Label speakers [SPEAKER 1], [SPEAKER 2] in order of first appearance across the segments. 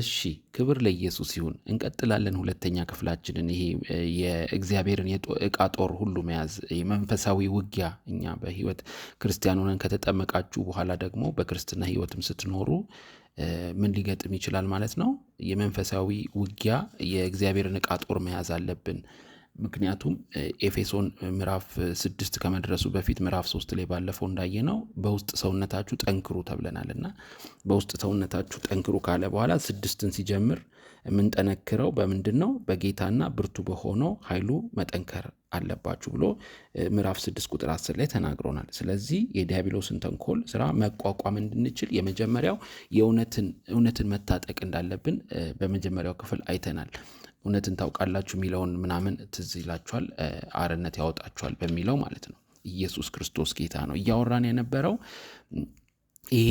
[SPEAKER 1] እሺ ክብር ለኢየሱስ ይሁን። እንቀጥላለን ሁለተኛ ክፍላችንን። ይሄ የእግዚአብሔርን የእቃ ጦር ሁሉ መያዝ የመንፈሳዊ ውጊያ እኛ በህይወት ክርስቲያን ሆነን ከተጠመቃችሁ በኋላ ደግሞ በክርስትና ህይወትም ስትኖሩ ምን ሊገጥም ይችላል ማለት ነው? የመንፈሳዊ ውጊያ የእግዚአብሔርን እቃ ጦር መያዝ አለብን። ምክንያቱም ኤፌሶን ምዕራፍ ስድስት ከመድረሱ በፊት ምዕራፍ ሶስት ላይ ባለፈው እንዳየ ነው በውስጥ ሰውነታችሁ ጠንክሩ ተብለናል እና በውስጥ ሰውነታችሁ ጠንክሩ ካለ በኋላ ስድስትን ሲጀምር የምንጠነክረው በምንድን ነው? በጌታና ብርቱ በሆነው ኃይሉ መጠንከር አለባችሁ ብሎ ምዕራፍ ስድስት ቁጥር አስር ላይ ተናግሮናል። ስለዚህ የዲያብሎስን ተንኮል ስራ መቋቋም እንድንችል የመጀመሪያው የእውነትን መታጠቅ እንዳለብን በመጀመሪያው ክፍል አይተናል። እውነትን ታውቃላችሁ የሚለውን ምናምን ትዝ ይላችኋል፣ አርነት ያወጣችኋል በሚለው ማለት ነው። ኢየሱስ ክርስቶስ ጌታ ነው እያወራን የነበረው ይሄ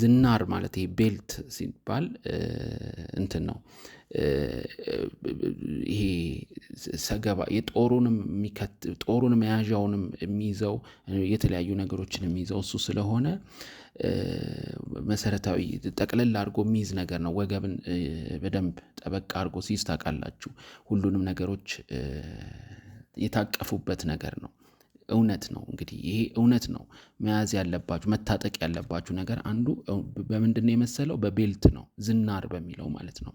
[SPEAKER 1] ዝናር ማለት ይሄ ቤልት ሲባል እንትን ነው። ይሄ ሰገባ የጦሩንም ጦሩን መያዣውንም የሚይዘው የተለያዩ ነገሮችን የሚይዘው እሱ ስለሆነ መሰረታዊ ጠቅልል አድርጎ የሚይዝ ነገር ነው። ወገብን በደንብ ጠበቅ አድርጎ ሲይዝ ታውቃላችሁ። ሁሉንም ነገሮች የታቀፉበት ነገር ነው። እውነት ነው። እንግዲህ ይሄ እውነት ነው። መያዝ ያለባችሁ መታጠቅ ያለባችሁ ነገር አንዱ በምንድን ነው የመሰለው? በቤልት ነው፣ ዝናር በሚለው ማለት ነው።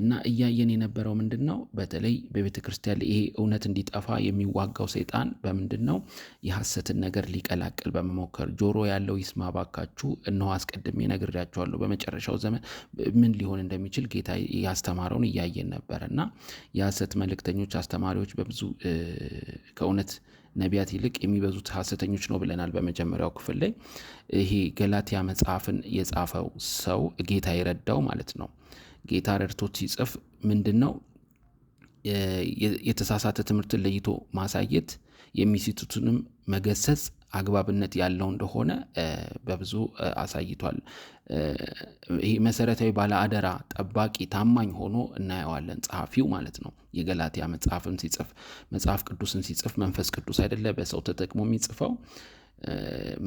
[SPEAKER 1] እና እያየን የነበረው ምንድን ነው? በተለይ በቤተ ክርስቲያን ይሄ እውነት እንዲጠፋ የሚዋጋው ሰይጣን በምንድን ነው? የሐሰትን ነገር ሊቀላቅል በመሞከር ጆሮ ያለው ይስማ ባካችሁ። እነሆ አስቀድሜ በመጨረሻው ዘመን ምን ሊሆን እንደሚችል ጌታ ያስተማረውን እያየን ነበረ እና የሐሰት መልእክተኞች አስተማሪዎች በብዙ ከእውነት ነቢያት ይልቅ የሚበዙት ሐሰተኞች ነው ብለናል። በመጀመሪያው ክፍል ላይ ይሄ ገላትያ መጽሐፍን የጻፈው ሰው ጌታ የረዳው ማለት ነው። ጌታ ረድቶት ሲጽፍ ምንድን ነው የተሳሳተ ትምህርትን ለይቶ ማሳየት የሚስቱትንም መገሰጽ አግባብነት ያለው እንደሆነ በብዙ አሳይቷል። ይህ መሰረታዊ ባለአደራ ጠባቂ ታማኝ ሆኖ እናየዋለን፣ ጸሐፊው ማለት ነው። የገላትያ መጽሐፍም ሲጽፍ መጽሐፍ ቅዱስን ሲጽፍ መንፈስ ቅዱስ አይደለ በሰው ተጠቅሞ የሚጽፈው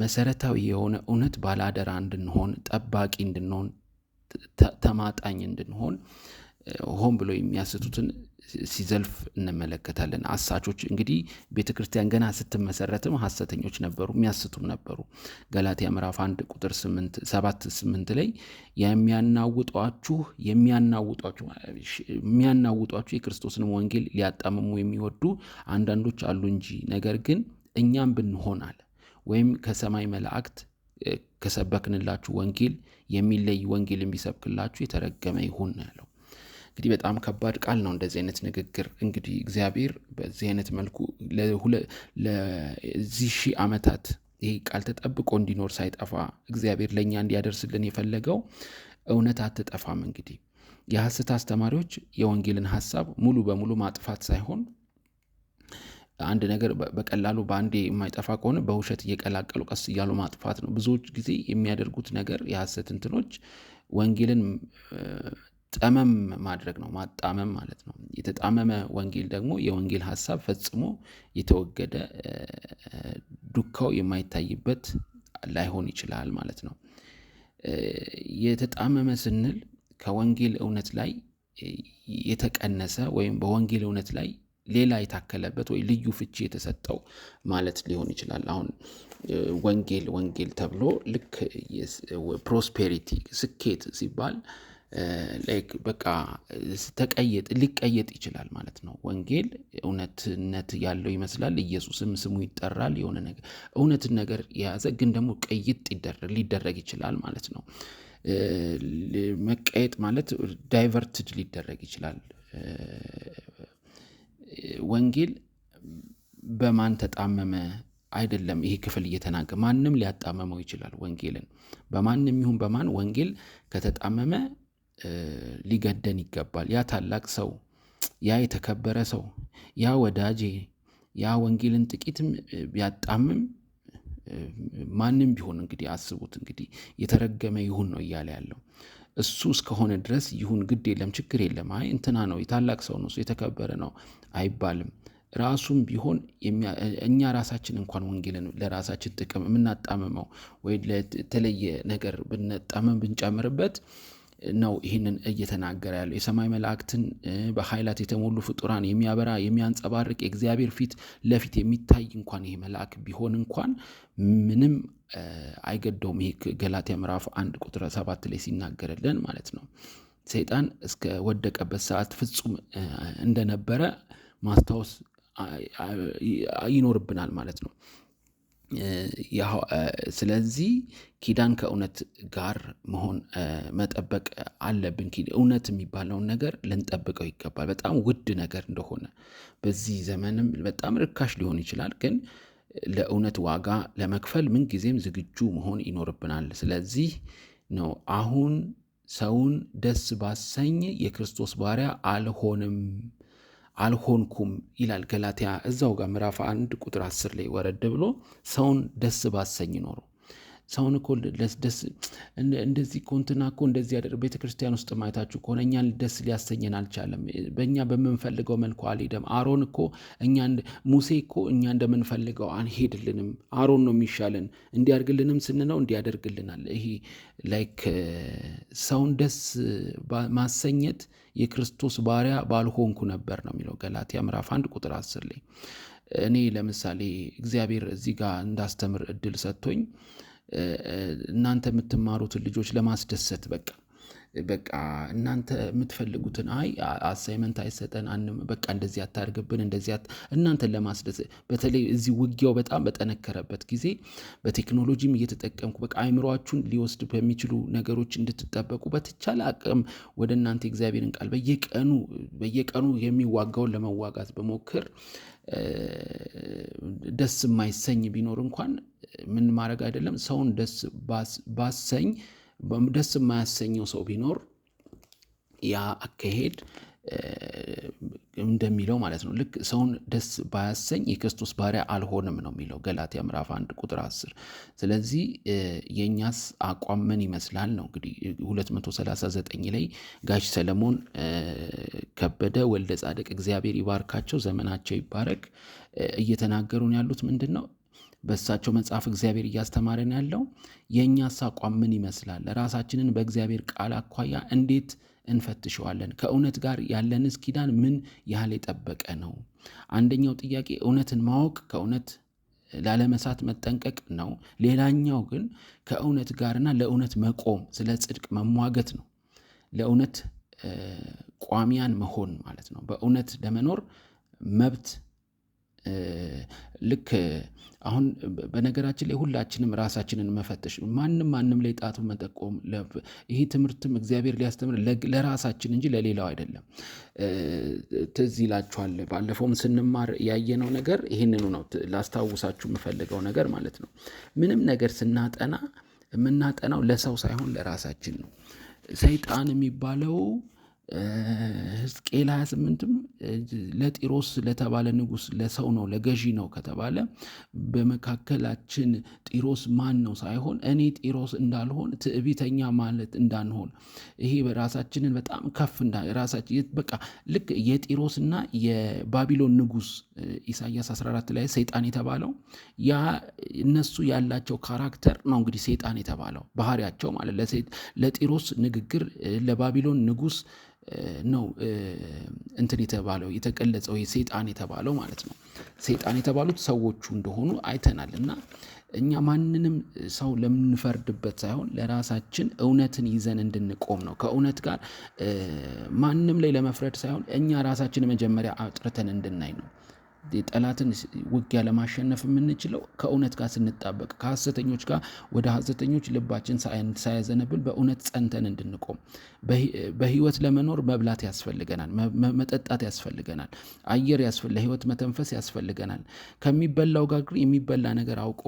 [SPEAKER 1] መሰረታዊ የሆነ እውነት ባለአደራ እንድንሆን፣ ጠባቂ እንድንሆን፣ ተማጣኝ እንድንሆን ሆን ብሎ የሚያስቱትን ሲዘልፍ እንመለከታለን። አሳቾች እንግዲህ ቤተ ክርስቲያን ገና ስትመሰረትም ሐሰተኞች ነበሩ፣ የሚያስቱም ነበሩ። ገላትያ ምዕራፍ አንድ ቁጥር ሰባት ስምንት ላይ የሚያናውጧችሁ የሚያናውጧችሁ የሚያናውጧችሁ የክርስቶስንም ወንጌል ሊያጣምሙ የሚወዱ አንዳንዶች አሉ እንጂ ነገር ግን እኛም ብንሆናል ወይም ከሰማይ መላእክት ከሰበክንላችሁ ወንጌል የሚለይ ወንጌል የሚሰብክላችሁ የተረገመ ይሁን ያለው እንግዲህ በጣም ከባድ ቃል ነው እንደዚህ አይነት ንግግር። እንግዲህ እግዚአብሔር በዚህ አይነት መልኩ ለዚህ ሺህ ዓመታት ይሄ ቃል ተጠብቆ እንዲኖር ሳይጠፋ እግዚአብሔር ለእኛ እንዲያደርስልን የፈለገው እውነት አትጠፋም። እንግዲህ የሐሰት አስተማሪዎች የወንጌልን ሐሳብ ሙሉ በሙሉ ማጥፋት ሳይሆን አንድ ነገር በቀላሉ በአንዴ የማይጠፋ ከሆነ በውሸት እየቀላቀሉ ቀስ እያሉ ማጥፋት ነው። ብዙዎች ጊዜ የሚያደርጉት ነገር የሐሰት እንትኖች ወንጌልን ጠመም ማድረግ ነው፣ ማጣመም ማለት ነው። የተጣመመ ወንጌል ደግሞ የወንጌል ሀሳብ ፈጽሞ የተወገደ ዱካው የማይታይበት ላይሆን ይችላል ማለት ነው። የተጣመመ ስንል ከወንጌል እውነት ላይ የተቀነሰ ወይም በወንጌል እውነት ላይ ሌላ የታከለበት ወይ ልዩ ፍቺ የተሰጠው ማለት ሊሆን ይችላል። አሁን ወንጌል ወንጌል ተብሎ ልክ ፕሮስፔሪቲ ስኬት ሲባል በቃ ተቀየጥ ሊቀየጥ ይችላል ማለት ነው። ወንጌል እውነትነት ያለው ይመስላል። ኢየሱስም ስሙ ይጠራል። የሆነ ነገር እውነትን ነገር የያዘ ግን ደግሞ ቀይጥ ሊደረግ ይችላል ማለት ነው። መቀየጥ ማለት ዳይቨርትድ ሊደረግ ይችላል። ወንጌል በማን ተጣመመ አይደለም። ይሄ ክፍል እየተናገ ማንም ሊያጣመመው ይችላል። ወንጌልን በማንም ይሁን በማን ወንጌል ከተጣመመ ሊገደን ይገባል። ያ ታላቅ ሰው፣ ያ የተከበረ ሰው፣ ያ ወዳጄ፣ ያ ወንጌልን ጥቂትም ቢያጣምም ማንም ቢሆን እንግዲህ አስቡት እንግዲህ የተረገመ ይሁን ነው እያለ ያለው እሱ እስከሆነ ድረስ ይሁን ግድ የለም ችግር የለም። አይ እንትና ነው የታላቅ ሰው ነው የተከበረ ነው አይባልም። ራሱም ቢሆን እኛ ራሳችን እንኳን ወንጌልን ለራሳችን ጥቅም የምናጣምመው ወይ ለተለየ ነገር ብንጣመም ብንጨምርበት ነው ይህንን እየተናገረ ያለው። የሰማይ መላእክትን በኃይላት የተሞሉ ፍጡራን የሚያበራ የሚያንጸባርቅ የእግዚአብሔር ፊት ለፊት የሚታይ እንኳን ይህ መልአክ ቢሆን እንኳን ምንም አይገደውም። ይሄ ገላትያ ምዕራፍ አንድ ቁጥር ሰባት ላይ ሲናገርልን ማለት ነው። ሰይጣን እስከ ወደቀበት ሰዓት ፍጹም እንደነበረ ማስታወስ ይኖርብናል ማለት ነው። ስለዚህ ኪዳን ከእውነት ጋር መሆን መጠበቅ አለብን። እውነት የሚባለውን ነገር ልንጠብቀው ይገባል። በጣም ውድ ነገር እንደሆነ በዚህ ዘመንም በጣም ርካሽ ሊሆን ይችላል፣ ግን ለእውነት ዋጋ ለመክፈል ምንጊዜም ዝግጁ መሆን ይኖርብናል። ስለዚህ ነው አሁን ሰውን ደስ ባሰኝ የክርስቶስ ባሪያ አልሆንም አልሆንኩም ይላል ገላትያ እዛው ጋር ምዕራፍ አንድ ቁጥር አስር ላይ ወረድ ብሎ ሰውን ደስ ባሰኝ ኖሮ ሰውን እኮ ደስ እንደዚህ ኮንትና እኮ እንደዚህ ያደር ቤተ ክርስቲያን ውስጥ ማየታችሁ ከሆነ እኛን ደስ ሊያሰኘን አልቻለም። በእኛ በምንፈልገው መልኩ አልሄደም። አሮን እኮ እኛ ሙሴ እኮ እኛ እንደምንፈልገው አንሄድልንም። አሮን ነው የሚሻለን። እንዲያደርግልንም ስንነው እንዲያደርግልናል። ይሄ ላይክ ሰውን ደስ ማሰኘት የክርስቶስ ባሪያ ባልሆንኩ ነበር ነው የሚለው ገላትያ ምዕራፍ አንድ ቁጥር አስር ላይ እኔ ለምሳሌ እግዚአብሔር እዚህ ጋር እንዳስተምር እድል ሰጥቶኝ እናንተ የምትማሩትን ልጆች ለማስደሰት በቃ በቃ እናንተ የምትፈልጉትን አይ አሳይመንት አይሰጠን አንም በቃ እንደዚህ አታርግብን እንደዚህ እናንተን ለማስደስ በተለይ እዚህ ውጊያው በጣም በጠነከረበት ጊዜ በቴክኖሎጂም እየተጠቀምኩ በቃ አይምሯችሁን ሊወስድ በሚችሉ ነገሮች እንድትጠበቁ በተቻለ አቅም ወደ እናንተ እግዚአብሔርን ቃል በየቀኑ በየቀኑ የሚዋጋውን ለመዋጋት በሞክር ደስ የማይሰኝ ቢኖር እንኳን ምን ማድረግ አይደለም ሰውን ደስ ባሰኝ ደስ የማያሰኘው ሰው ቢኖር ያ አካሄድ እንደሚለው ማለት ነው። ልክ ሰውን ደስ ባያሰኝ የክርስቶስ ባሪያ አልሆንም ነው የሚለው ገላትያ ምዕራፍ አንድ ቁጥር አስር ስለዚህ የእኛስ አቋም ምን ይመስላል ነው እንግዲህ 239 ላይ ጋሽ ሰለሞን ከበደ ወልደ ጻድቅ እግዚአብሔር ይባርካቸው፣ ዘመናቸው ይባረክ እየተናገሩን ያሉት ምንድን ነው? በእሳቸው መጽሐፍ እግዚአብሔር እያስተማረን ያለው የእኛስ አቋም ምን ይመስላል? ራሳችንን በእግዚአብሔር ቃል አኳያ እንዴት እንፈትሸዋለን? ከእውነት ጋር ያለንስ ኪዳን ምን ያህል የጠበቀ ነው? አንደኛው ጥያቄ እውነትን ማወቅ ከእውነት ላለመሳት መጠንቀቅ ነው። ሌላኛው ግን ከእውነት ጋርና ለእውነት መቆም ስለ ጽድቅ መሟገት ነው። ለእውነት ቋሚያን መሆን ማለት ነው። በእውነት ለመኖር መብት ልክ አሁን በነገራችን ላይ ሁላችንም ራሳችንን መፈተሽ ማንም ማንም ላይ ጣቱ መጠቆም ይሄ ትምህርትም እግዚአብሔር ሊያስተምር ለራሳችን እንጂ ለሌላው አይደለም። ትዝ ይላችኋል፣ ባለፈውም ስንማር ያየነው ነገር ይህንኑ ነው። ላስታውሳችሁ የምፈልገው ነገር ማለት ነው ምንም ነገር ስናጠና የምናጠናው ለሰው ሳይሆን ለራሳችን ነው። ሰይጣን የሚባለው ህዝቅኤል 28ም ለጢሮስ ለተባለ ንጉስ ለሰው ነው ለገዢ ነው ከተባለ በመካከላችን ጢሮስ ማን ነው ሳይሆን እኔ ጢሮስ እንዳልሆን ትዕቢተኛ ማለት እንዳንሆን ይሄ ራሳችንን በጣም ከፍ በቃ ልክ የጢሮስና የባቢሎን ንጉስ ኢሳያስ 14 ላይ ሰይጣን የተባለው ያ እነሱ ያላቸው ካራክተር ነው እንግዲህ ሰይጣን የተባለው ባህሪያቸው ማለት ለጢሮስ ንግግር ለባቢሎን ንጉስ ነው እንትን የተባለው የተቀለጸው ሰይጣን የተባለው ማለት ነው። ሴጣን የተባሉት ሰዎቹ እንደሆኑ አይተናል። እና እኛ ማንንም ሰው ለምንፈርድበት ሳይሆን ለራሳችን እውነትን ይዘን እንድንቆም ነው። ከእውነት ጋር ማንም ላይ ለመፍረድ ሳይሆን እኛ ራሳችን መጀመሪያ አጥርተን እንድናይ ነው። ጠላትን ውጊያ ለማሸነፍ የምንችለው ከእውነት ጋር ስንጣበቅ፣ ከሐሰተኞች ጋር ወደ ሐሰተኞች ልባችን ሳያዘነብል በእውነት ጸንተን እንድንቆም። በህይወት ለመኖር መብላት ያስፈልገናል፣ መጠጣት ያስፈልገናል፣ አየር ያስፈልገናል፣ ለህይወት መተንፈስ ያስፈልገናል። ከሚበላው ጋር ግን የሚበላ ነገር አውቆ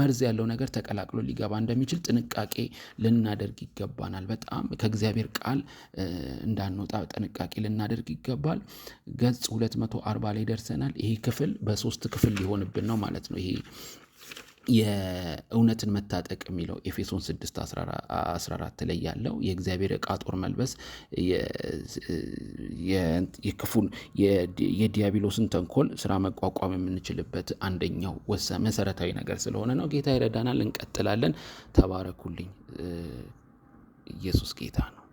[SPEAKER 1] መርዝ ያለው ነገር ተቀላቅሎ ሊገባ እንደሚችል ጥንቃቄ ልናደርግ ይገባናል። በጣም ከእግዚአብሔር ቃል እንዳንወጣ ጥንቃቄ ልናደርግ ይገባል። ገጽ 240 ላይ ደርሰናል። ይሆንብናል። ይሄ ክፍል በሶስት ክፍል ሊሆንብን ነው ማለት ነው። ይሄ የእውነትን መታጠቅ የሚለው ኤፌሶን 6 14 ላይ ያለው የእግዚአብሔር ዕቃ ጦር መልበስ የክፉን የዲያብሎስን ተንኮል ስራ መቋቋም የምንችልበት አንደኛው ወሳ መሰረታዊ ነገር ስለሆነ ነው። ጌታ ይረዳናል። እንቀጥላለን። ተባረኩልኝ። ኢየሱስ ጌታ ነው።